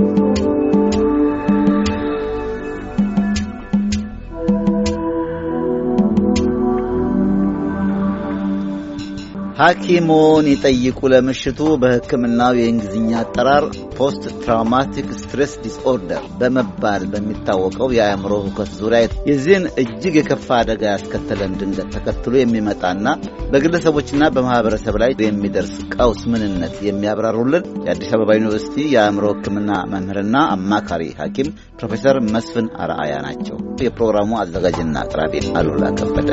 Thank you. ሐኪሞን ይጠይቁ ለምሽቱ በሕክምናው የእንግሊዝኛ አጠራር ፖስት ትራውማቲክ ስትሬስ ዲስኦርደር በመባል በሚታወቀው የአእምሮ ሁከት ዙሪያ የዚህን እጅግ የከፋ አደጋ ያስከተለን ድንገት ተከትሎ የሚመጣና በግለሰቦችና በማኅበረሰብ ላይ የሚደርስ ቀውስ ምንነት የሚያብራሩልን የአዲስ አበባ ዩኒቨርሲቲ የአእምሮ ሕክምና መምህርና አማካሪ ሐኪም ፕሮፌሰር መስፍን አርአያ ናቸው። የፕሮግራሙ አዘጋጅና አቅራቢ አሉላ ከበደ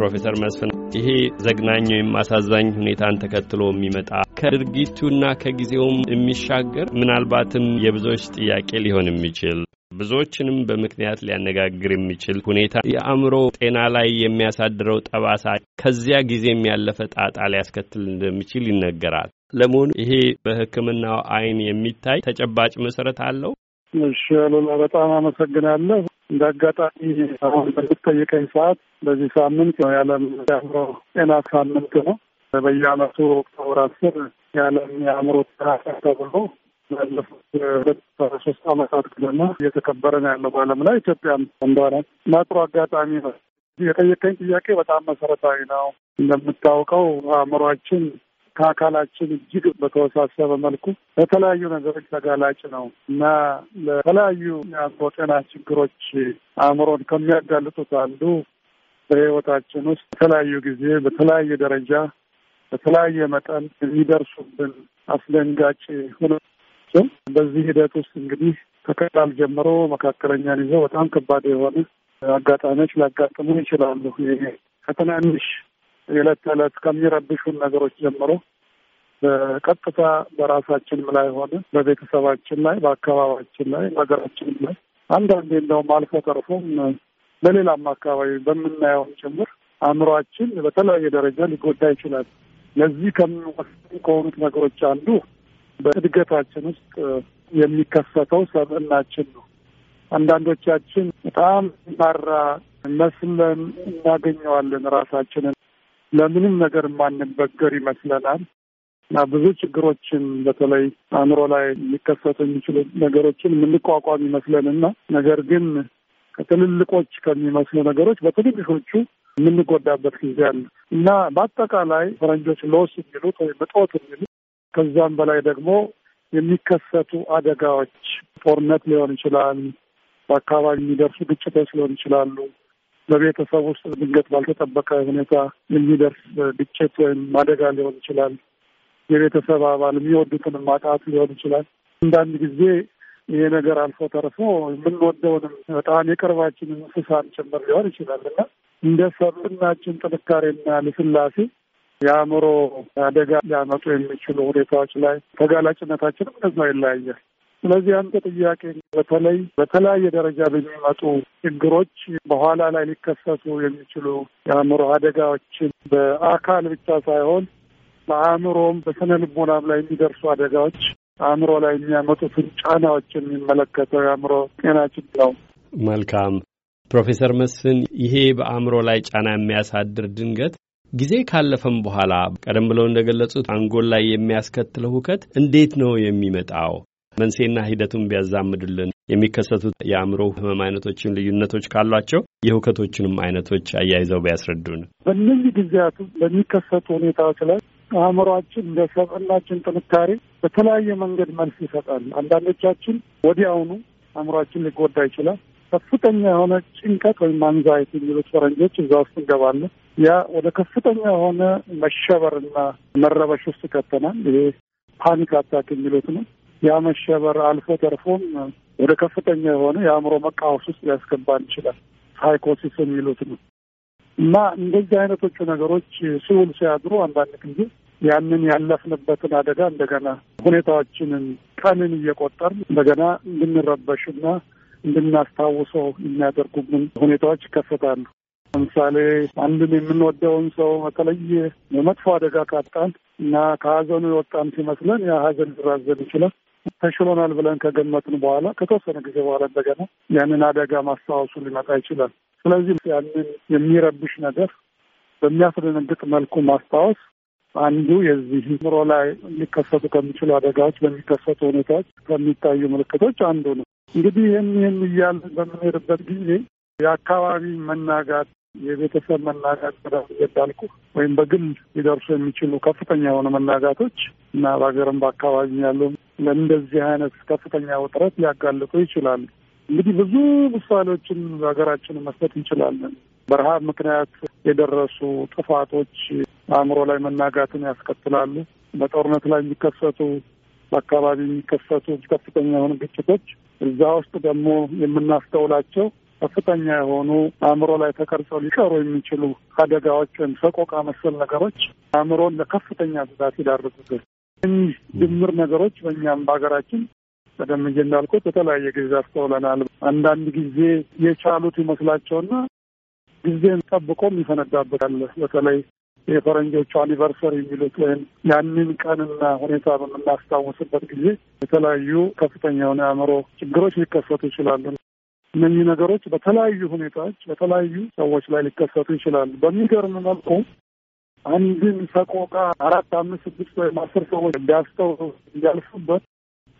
ፕሮፌሰር መስፍን ይሄ ዘግናኝ ወይም አሳዛኝ ሁኔታን ተከትሎ የሚመጣ ከድርጊቱና ከጊዜውም የሚሻገር ምናልባትም የብዙዎች ጥያቄ ሊሆን የሚችል ብዙዎችንም በምክንያት ሊያነጋግር የሚችል ሁኔታ የአእምሮ ጤና ላይ የሚያሳድረው ጠባሳ ከዚያ ጊዜም ያለፈ ጣጣ ሊያስከትል እንደሚችል ይነገራል። ለመሆኑ ይሄ በሕክምናው አይን የሚታይ ተጨባጭ መሰረት አለው? እሺ፣ አሉላ በጣም አመሰግናለሁ። እንደ አጋጣሚ አሁን በምትጠይቀኝ ሰዓት በዚህ ሳምንት የዓለም የአእምሮ ጤና ሳምንት ነው። በየዓመቱ ኦክቶበር አስር የዓለም የአእምሮ ጤና ተብሎ ባለፉት ሁለት ሶስት ዓመታት ደግሞ እየተከበረ ነው ያለው በዓለም ላይ ኢትዮጵያም እንደሆነ እና ጥሩ አጋጣሚ ነው። የጠየቀኝ ጥያቄ በጣም መሰረታዊ ነው። እንደምታውቀው አእምሯችን ከአካላችን እጅግ በተወሳሰበ መልኩ ለተለያዩ ነገሮች ተጋላጭ ነው እና ለተለያዩ የአእምሮ ጤና ችግሮች አእምሮን ከሚያጋልጡት አንዱ በህይወታችን ውስጥ በተለያዩ ጊዜ በተለያየ ደረጃ በተለያየ መጠን የሚደርሱብን አስደንጋጭ ሁነቶችም በዚህ ሂደት ውስጥ እንግዲህ ከቀላል ጀምሮ መካከለኛን ይዘው በጣም ከባድ የሆነ አጋጣሚዎች ሊያጋጥሙ ይችላሉ። ከትናንሽ የዕለት ተዕለት ከሚረብሹን ነገሮች ጀምሮ በቀጥታ በራሳችንም ላይ ሆነ በቤተሰባችን ላይ በአካባቢያችን ላይ በሀገራችንም ላይ አንዳንዴ እንደውም አልፎ ተርፎም በሌላም አካባቢ በምናየውም ጭምር አእምሯችን በተለያየ ደረጃ ሊጎዳ ይችላል። ለዚህ ከሚወስኑ ከሆኑት ነገሮች አንዱ በእድገታችን ውስጥ የሚከሰተው ሰብእናችን ነው። አንዳንዶቻችን በጣም ማራ መስለን እናገኘዋለን ራሳችንን ለምንም ነገር ማንበገር ይመስለናል እና ብዙ ችግሮችን በተለይ አእምሮ ላይ ሊከሰቱ የሚችሉ ነገሮችን የምንቋቋም ይመስለንና ነገር ግን ከትልልቆች ከሚመስሉ ነገሮች በትንንሾቹ የምንጎዳበት ጊዜ አለ እና በአጠቃላይ ፈረንጆች ሎስ የሚሉት ወይም እጦት የሚሉት ከዛም በላይ ደግሞ የሚከሰቱ አደጋዎች ጦርነት ሊሆን ይችላል፣ በአካባቢ የሚደርሱ ግጭቶች ሊሆን ይችላሉ በቤተሰብ ውስጥ ድንገት ባልተጠበቀ ሁኔታ የሚደርስ ግጭት ወይም አደጋ ሊሆን ይችላል። የቤተሰብ አባል የሚወዱትን ማጣት ሊሆን ይችላል። አንዳንድ ጊዜ ይሄ ነገር አልፎ ተርፎ የምንወደውንም በጣም የቅርባችን እንስሳን ጭምር ሊሆን ይችላል እና እንደ ሰብናችን ጥንካሬና ልስላሴ የአእምሮ አደጋ ሊያመጡ የሚችሉ ሁኔታዎች ላይ ተጋላጭነታችንም እንደዛ ይለያያል። ስለዚህ አንተ ጥያቄ በተለይ በተለያየ ደረጃ በሚመጡ ችግሮች በኋላ ላይ ሊከሰቱ የሚችሉ የአእምሮ አደጋዎችን በአካል ብቻ ሳይሆን በአእምሮም በስነ ልቦናም ላይ የሚደርሱ አደጋዎች አእምሮ ላይ የሚያመጡትን ጫናዎች የሚመለከተው የአእምሮ ጤና ችግር ነው። መልካም ፕሮፌሰር መስፍን ይሄ በአእምሮ ላይ ጫና የሚያሳድር ድንገት ጊዜ ካለፈም በኋላ ቀደም ብለው እንደገለጹት አንጎል ላይ የሚያስከትለው ሁከት እንዴት ነው የሚመጣው? መንስኤና ሂደቱን ቢያዛምድልን የሚከሰቱት የአእምሮ ህመም አይነቶችን ልዩነቶች ካሏቸው የእውከቶችንም አይነቶች አያይዘው ቢያስረዱን። በእነዚህ ጊዜያት በሚከሰቱ ሁኔታዎች ላይ አእምሯችን እንደ ሰብዕናችን ጥንካሬ በተለያየ መንገድ መልስ ይሰጣል። አንዳንዶቻችን ወዲያውኑ አእምሯችን ሊጎዳ ይችላል። ከፍተኛ የሆነ ጭንቀት ወይም አንዛይት የሚሉት ፈረንጆች እዛ ውስጥ እንገባለን። ያ ወደ ከፍተኛ የሆነ መሸበርና መረበሽ ውስጥ ይከተናል። ይሄ ፓኒክ አታክ የሚሉት ነው። ያመሸበር አልፎ ተርፎም ወደ ከፍተኛ የሆነ የአእምሮ መቃወስ ውስጥ ሊያስገባን ይችላል። ሳይኮሲስ የሚሉት ነው እና እንደዚህ አይነቶቹ ነገሮች ሲውል ሲያድሩ አንዳንድ ጊዜ ያንን ያለፍንበትን አደጋ እንደገና ሁኔታዎችንን ቀንን እየቆጠር እንደገና እንድንረበሽና እንድናስታውሰው የሚያደርጉብን ሁኔታዎች ይከሰታሉ። ለምሳሌ አንድን የምንወደውን ሰው በተለይ የመጥፎ አደጋ ካጣን እና ከሀዘኑ የወጣን ሲመስለን ያ ሀዘን ሊራዘም ይችላል። ተሽሎናል ብለን ከገመትን በኋላ ከተወሰነ ጊዜ በኋላ እንደገና ያንን አደጋ ማስታወሱ ሊመጣ ይችላል። ስለዚህ ያንን የሚረብሽ ነገር በሚያስደነግጥ መልኩ ማስታወስ አንዱ የዚህ ምሮ ላይ ሊከሰቱ ከሚችሉ አደጋዎች በሚከሰቱ ሁኔታዎች ከሚታዩ ምልክቶች አንዱ ነው። እንግዲህ ይህን ይህን እያልን በምንሄድበት ጊዜ የአካባቢ መናጋት፣ የቤተሰብ መናጋት ቀደም እንዳልኩ ወይም በግል ሊደርሱ የሚችሉ ከፍተኛ የሆኑ መናጋቶች እና በሀገርም በአካባቢ ያሉ ለእንደዚህ አይነት ከፍተኛ ውጥረት ሊያጋልጡ ይችላሉ። እንግዲህ ብዙ ምሳሌዎችን በሀገራችን መስጠት እንችላለን። በረሃብ ምክንያት የደረሱ ጥፋቶች አእምሮ ላይ መናጋትን ያስከትላሉ። በጦርነት ላይ የሚከሰቱ በአካባቢ የሚከሰቱ ከፍተኛ የሆኑ ግጭቶች፣ እዛ ውስጥ ደግሞ የምናስተውላቸው ከፍተኛ የሆኑ አእምሮ ላይ ተቀርጸው ሊቀሩ የሚችሉ አደጋዎች ወይም ሰቆቃ መሰል ነገሮች አእምሮን ለከፍተኛ ጉዳት ይዳርጉታል። ድምር ነገሮች በእኛም በሀገራችን ቀደም ብዬ እንዳልኩት በተለያየ ጊዜ አስተውለናል። አንዳንድ ጊዜ የቻሉት ይመስላቸውና ጊዜን ጠብቆ የሚፈነዳበት በተለይ የፈረንጆቹ አኒቨርሰሪ የሚሉት ወይም ያንን ቀንና ሁኔታ በምናስታውስበት ጊዜ የተለያዩ ከፍተኛ የሆነ አእምሮ ችግሮች ሊከሰቱ ይችላሉ። እነዚህ ነገሮች በተለያዩ ሁኔታዎች በተለያዩ ሰዎች ላይ ሊከሰቱ ይችላሉ። በሚገርም መልኩ አንድን ሰቆቃ አራት አምስት ስድስት ወይም አስር ሰዎች እንዲያስተው እንዲያልፉበት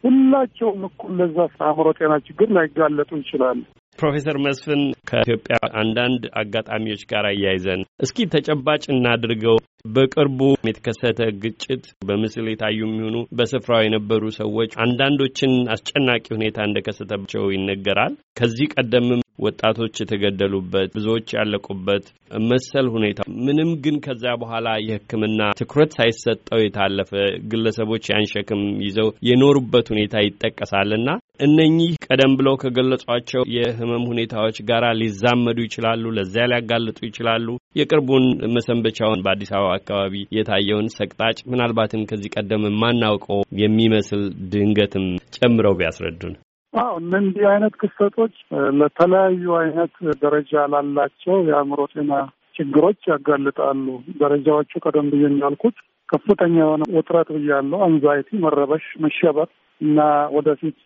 ሁላቸውም እኩል ለዛ አእምሮ ጤና ችግር ላይጋለጡ ይችላሉ። ፕሮፌሰር መስፍን ከኢትዮጵያ አንዳንድ አጋጣሚዎች ጋር አያይዘን እስኪ ተጨባጭ እናድርገው። በቅርቡ የተከሰተ ግጭት በምስል የታዩ የሚሆኑ በስፍራው የነበሩ ሰዎች አንዳንዶችን አስጨናቂ ሁኔታ እንደከሰተባቸው ይነገራል። ከዚህ ቀደምም ወጣቶች የተገደሉበት፣ ብዙዎች ያለቁበት መሰል ሁኔታ ምንም ግን ከዛ በኋላ የሕክምና ትኩረት ሳይሰጠው የታለፈ ግለሰቦች ያንሸክም ይዘው የኖሩበት ሁኔታ ይጠቀሳልና እነኚህ ቀደም ብለው ከገለጿቸው የህመም ሁኔታዎች ጋር ሊዛመዱ ይችላሉ፣ ለዚያ ሊያጋልጡ ይችላሉ። የቅርቡን መሰንበቻውን በአዲስ አበባ አካባቢ የታየውን ሰቅጣጭ ምናልባትም ከዚህ ቀደም የማናውቀው የሚመስል ድንገትም ጨምረው ቢያስረዱን። አዎ እነዚህ አይነት ክስተቶች ለተለያዩ አይነት ደረጃ ላላቸው የአእምሮ ጤና ችግሮች ያጋልጣሉ። ደረጃዎቹ ቀደም ብዬ እንዳልኩት ከፍተኛ የሆነ ውጥረት ብያለው፣ አንዛይቲ፣ መረበሽ፣ መሸበር እና ወደፊት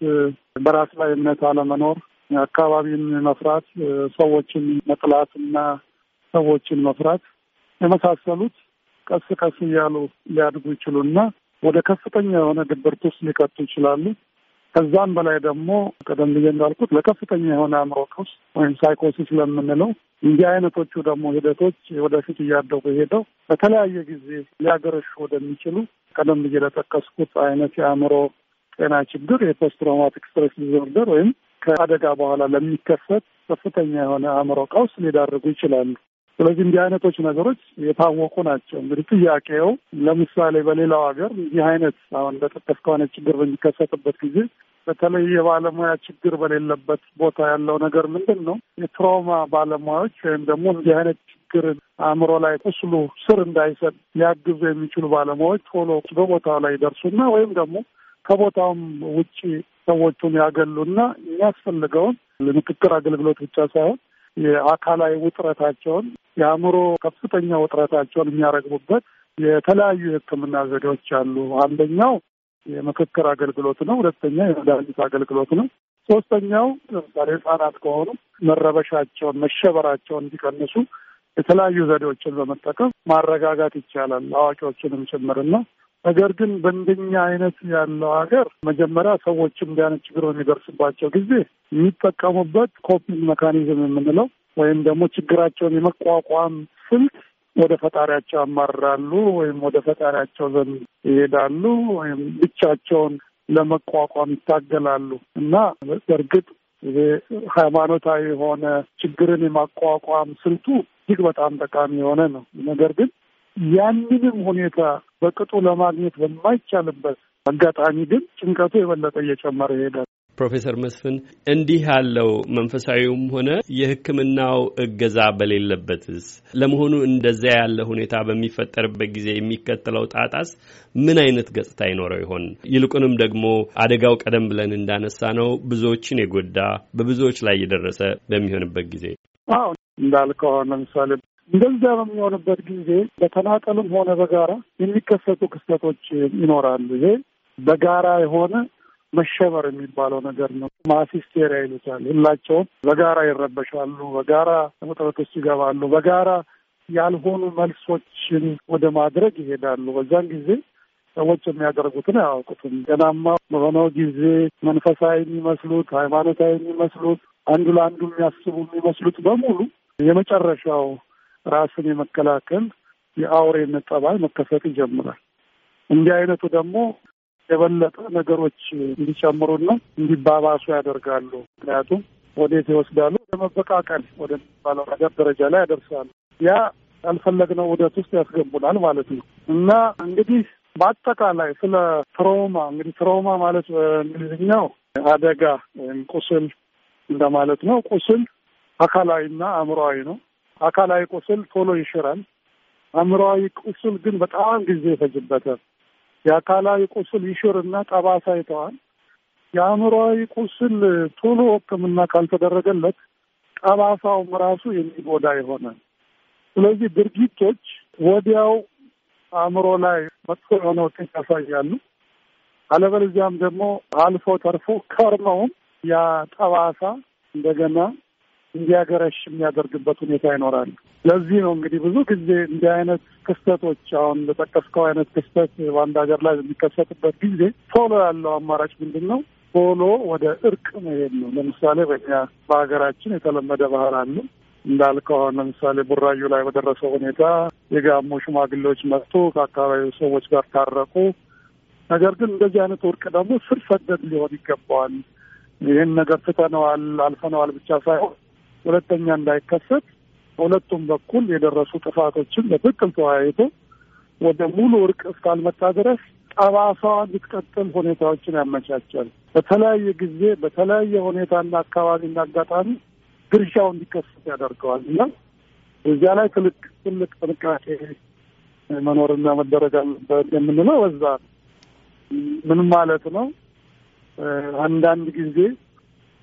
በራስ ላይ እምነት አለመኖር፣ አካባቢን መፍራት፣ ሰዎችን መጥላት እና ሰዎችን መፍራት የመሳሰሉት ቀስ ቀስ እያሉ ሊያድጉ ይችሉና ወደ ከፍተኛ የሆነ ድብርት ውስጥ ሊቀጡ ይችላሉ። ከዛም በላይ ደግሞ ቀደም ብዬ እንዳልኩት ለከፍተኛ የሆነ አእምሮ ቀውስ ወይም ሳይኮሲስ ለምንለው እንዲህ አይነቶቹ ደግሞ ሂደቶች ወደፊት እያደጉ ሄደው በተለያየ ጊዜ ሊያገረሹ ወደሚችሉ ቀደም ብዬ ለጠቀስኩት አይነት የአእምሮ ጤና ችግር የፖስት ትራውማቲክ ስትረስ ዲዞርደር ወይም ከአደጋ በኋላ ለሚከሰት ከፍተኛ የሆነ አእምሮ ቀውስ ሊዳርጉ ይችላሉ። ስለዚህ እንዲህ አይነቶች ነገሮች የታወቁ ናቸው። እንግዲህ ጥያቄው ለምሳሌ በሌላው ሀገር እንዲህ አይነት አሁን እንደጠቀስከው ከሆነ ችግር በሚከሰትበት ጊዜ በተለይ የባለሙያ ችግር በሌለበት ቦታ ያለው ነገር ምንድን ነው? የትራውማ ባለሙያዎች ወይም ደግሞ እንዲህ አይነት ችግር አእምሮ ላይ ቁስሉ ስር እንዳይሰጥ ሊያግዙ የሚችሉ ባለሙያዎች ቶሎ በቦታው ላይ ይደርሱና ወይም ደግሞ ከቦታውም ውጭ ሰዎቹን ያገሉና የሚያስፈልገውን ለምክክር አገልግሎት ብቻ ሳይሆን የአካላዊ ውጥረታቸውን፣ የአእምሮ ከፍተኛ ውጥረታቸውን የሚያረግቡበት የተለያዩ የሕክምና ዘዴዎች አሉ። አንደኛው የምክክር አገልግሎት ነው። ሁለተኛ የመድኃኒት አገልግሎት ነው። ሶስተኛው ለምሳሌ ህጻናት ከሆኑ መረበሻቸውን፣ መሸበራቸውን እንዲቀንሱ የተለያዩ ዘዴዎችን በመጠቀም ማረጋጋት ይቻላል አዋቂዎችንም ጭምርና ነገር ግን በእንደኛ አይነት ያለው ሀገር መጀመሪያ ሰዎችም እንዲያነት ችግር በሚደርስባቸው ጊዜ የሚጠቀሙበት ኮፒንግ መካኒዝም የምንለው ወይም ደግሞ ችግራቸውን የመቋቋም ስልት ወደ ፈጣሪያቸው ያማርራሉ ወይም ወደ ፈጣሪያቸው ዘንድ ይሄዳሉ ወይም ብቻቸውን ለመቋቋም ይታገላሉ እና በእርግጥ ይሄ ሃይማኖታዊ የሆነ ችግርን የማቋቋም ስልቱ እጅግ በጣም ጠቃሚ የሆነ ነው። ነገር ግን ያንንም ሁኔታ በቅጡ ለማግኘት በማይቻልበት አጋጣሚ ግን ጭንቀቱ የበለጠ እየጨመረ ይሄዳል። ፕሮፌሰር መስፍን እንዲህ ያለው መንፈሳዊውም ሆነ የሕክምናው እገዛ በሌለበትስ ለመሆኑ እንደዚያ ያለ ሁኔታ በሚፈጠርበት ጊዜ የሚከተለው ጣጣስ ምን አይነት ገጽታ ይኖረው ይሆን? ይልቁንም ደግሞ አደጋው ቀደም ብለን እንዳነሳ ነው ብዙዎችን የጎዳ በብዙዎች ላይ የደረሰ በሚሆንበት ጊዜ አዎ እንዳልከው ለምሳሌ እንደዚያ በሚሆንበት ጊዜ በተናጠልም ሆነ በጋራ የሚከሰቱ ክስተቶች ይኖራሉ። ይሄ በጋራ የሆነ መሸበር የሚባለው ነገር ነው። ማሲስቴሪያ ይሉታል። ሁላቸውም በጋራ ይረበሻሉ፣ በጋራ ውጥረቶች ይገባሉ፣ በጋራ ያልሆኑ መልሶችን ወደ ማድረግ ይሄዳሉ። በዛን ጊዜ ሰዎች የሚያደርጉትን አያውቁትም። ገናማ በሆነው ጊዜ መንፈሳዊ የሚመስሉት ሃይማኖታዊ የሚመስሉት አንዱ ለአንዱ የሚያስቡ የሚመስሉት በሙሉ የመጨረሻው ራስን የመከላከል የአውሬነት ጠባይ መከሰት ይጀምራል። እንዲህ አይነቱ ደግሞ የበለጠ ነገሮች እንዲጨምሩና እንዲባባሱ ያደርጋሉ። ምክንያቱም ወዴት ይወስዳሉ? ለመበቃቀል ወደሚባለው ነገር ደረጃ ላይ ያደርሳሉ። ያ ያልፈለግነው ውደት ውስጥ ያስገቡናል ማለት ነው እና እንግዲህ በአጠቃላይ ስለ ትሮማ እንግዲህ ትሮማ ማለት በእንግሊዝኛው አደጋ ወይም ቁስል እንደማለት ነው። ቁስል አካላዊና አእምሮዊ ነው። አካላዊ ቁስል ቶሎ ይሽራል። አእምሮዊ ቁስል ግን በጣም ጊዜ ይፈጅበታል። የአካላዊ ቁስል ይሽርና ጠባሳ ይተዋል። የአእምሮዊ ቁስል ቶሎ ሕክምና ካልተደረገለት ጠባሳውም ራሱ የሚጎዳ ይሆናል። ስለዚህ ድርጊቶች ወዲያው አእምሮ ላይ መጥፎ የሆነ ውጤት ያሳያሉ። አለበለዚያም ደግሞ አልፎ ተርፎ ከርመውም ያ ጠባሳ እንደገና እንዲያገረሽ የሚያደርግበት ሁኔታ ይኖራል። ለዚህ ነው እንግዲህ ብዙ ጊዜ እንዲህ አይነት ክስተቶች አሁን ለጠቀስከው አይነት ክስተት በአንድ ሀገር ላይ በሚከሰትበት ጊዜ ቶሎ ያለው አማራጭ ምንድን ነው? ቶሎ ወደ እርቅ መሄድ ነው። ለምሳሌ በኛ በሀገራችን የተለመደ ባህል አለ እንዳልከው አሁን ለምሳሌ ቡራዩ ላይ በደረሰው ሁኔታ የጋሞ ሽማግሌዎች መጥቶ ከአካባቢ ሰዎች ጋር ታረቁ። ነገር ግን እንደዚህ አይነት እርቅ ደግሞ ስር ሰደድ ሊሆን ይገባዋል። ይህን ነገር ፍተነዋል አልፈነዋል ብቻ ሳይሆን ሁለተኛ እንዳይከሰት በሁለቱም በኩል የደረሱ ጥፋቶችን በትክክል ተወያይቶ ወደ ሙሉ እርቅ እስካልመጣ ድረስ ጠባሳዋ እንድትቀጥል ሁኔታዎችን ያመቻቻል። በተለያየ ጊዜ በተለያየ ሁኔታና አካባቢና አጋጣሚ ድርሻው እንዲከሰት ያደርገዋል እና እዚያ ላይ ትልቅ ትልቅ ጥንቃቄ መኖርና መደረግ አለበት የምንለው በዛ ምን ማለት ነው? አንዳንድ ጊዜ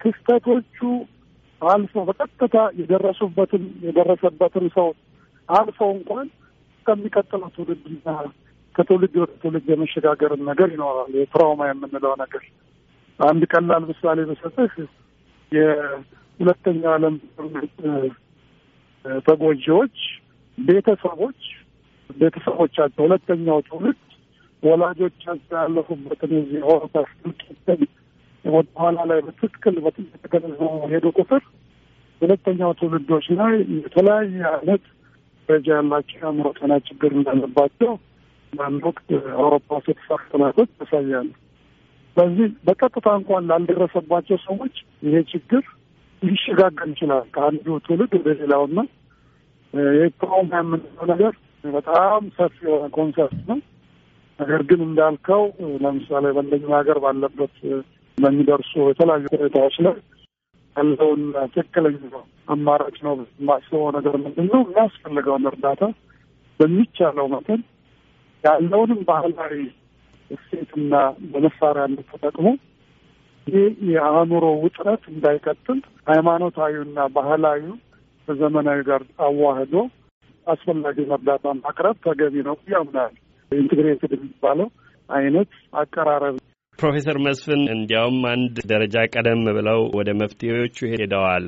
ክስተቶቹ አልፎ በቀጥታ የደረሱበትን የደረሰበትን ሰው አልፎ እንኳን ከሚቀጥለው ትውልድና ከትውልድ ወደ ትውልድ የመሸጋገርን ነገር ይኖራል። የትራውማ የምንለው ነገር አንድ ቀላል ምሳሌ በሰጥህ የሁለተኛው ዓለም ጦርነት ተጎጂዎች ቤተሰቦች ቤተሰቦቻቸው ሁለተኛው ትውልድ ወላጆቻቸው ያለፉበትን የዚህ ሆሮታስ ወደ ኋላ ላይ በትክክል በትክክል ሄዶ ቁጥር ሁለተኛው ትውልዶች ላይ የተለያየ አይነት ደረጃ ያላቸው የአእምሮ ጤና ችግር እንዳለባቸው በአንድ ወቅት አውሮፓ ውስጥ የተሰሩ ጥናቶች ያሳያሉ። ስለዚህ በቀጥታ እንኳን ላልደረሰባቸው ሰዎች ይሄ ችግር ሊሸጋገር ይችላል ከአንዱ ትውልድ ወደ ሌላውና የትራውማ የምንለው ነገር በጣም ሰፊ የሆነ ኮንሰርት ነው። ነገር ግን እንዳልከው ለምሳሌ በእንደኛ ሀገር ባለበት በሚደርሱ የተለያዩ ሁኔታዎች ላይ ያለውን ትክክለኛ አማራጭ ነው ማስበው ነገር ምንድን ነው የሚያስፈልገውን እርዳታ በሚቻለው መጠን ያለውንም ባህላዊ እሴትና በመሳሪያ ተጠቅሞ ይህ የአእምሮ ውጥረት እንዳይቀጥል ሃይማኖታዊና ባህላዊ ከዘመናዊ ጋር አዋህዶ አስፈላጊ እርዳታ ማቅረብ ተገቢ ነው ያምናል። ኢንትግሬትድ የሚባለው አይነት አቀራረብ ፕሮፌሰር መስፍን እንዲያውም አንድ ደረጃ ቀደም ብለው ወደ መፍትሄዎቹ ሄደዋል።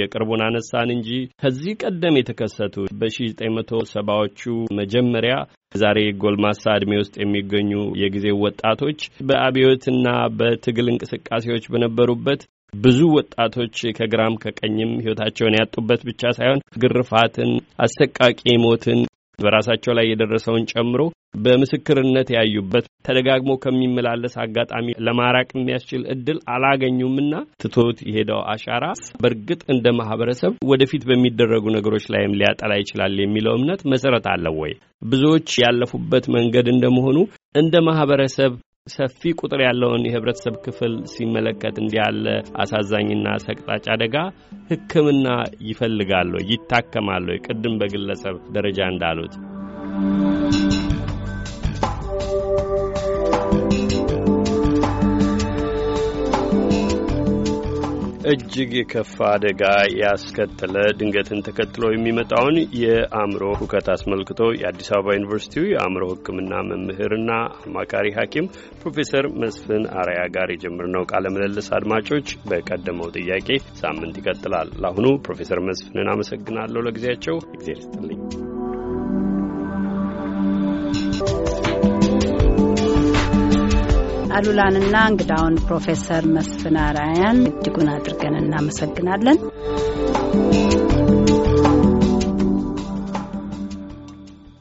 የቅርቡን አነሳን እንጂ ከዚህ ቀደም የተከሰቱ በ1970ዎቹ መጀመሪያ ዛሬ ጎልማሳ ዕድሜ ውስጥ የሚገኙ የጊዜ ወጣቶች በአብዮትና በትግል እንቅስቃሴዎች በነበሩበት ብዙ ወጣቶች ከግራም ከቀኝም ሕይወታቸውን ያጡበት ብቻ ሳይሆን ግርፋትን፣ አሰቃቂ ሞትን፣ በራሳቸው ላይ የደረሰውን ጨምሮ በምስክርነት ያዩበት ተደጋግሞ ከሚመላለስ አጋጣሚ ለማራቅ የሚያስችል እድል አላገኙምና ትቶት የሄደው አሻራ በእርግጥ እንደ ማህበረሰብ ወደፊት በሚደረጉ ነገሮች ላይም ሊያጠላ ይችላል የሚለው እምነት መሰረት አለው ወይ? ብዙዎች ያለፉበት መንገድ እንደመሆኑ እንደ ማህበረሰብ ሰፊ ቁጥር ያለውን የህብረተሰብ ክፍል ሲመለከት እንዲህ ያለ አሳዛኝና ሰቅጣጭ አደጋ ሕክምና ይፈልጋሉ፣ ይታከማሉ። ቅድም በግለሰብ ደረጃ እንዳሉት እጅግ የከፋ አደጋ ያስከተለ ድንገትን ተከትሎ የሚመጣውን የአእምሮ ሁከት አስመልክቶ የአዲስ አበባ ዩኒቨርሲቲው የአእምሮ ሕክምና መምህርና አማካሪ ሐኪም ፕሮፌሰር መስፍን አርያ ጋር የጀመርነው ቃለ ምልልስ አድማጮች በቀደመው ጥያቄ ሳምንት ይቀጥላል። ለአሁኑ ፕሮፌሰር መስፍንን አመሰግናለሁ ለጊዜያቸው። እግዜር ይስጥልኝ። አሉላንና እንግዳውን ፕሮፌሰር መስፍን አራያን እጅጉን አድርገን እናመሰግናለን።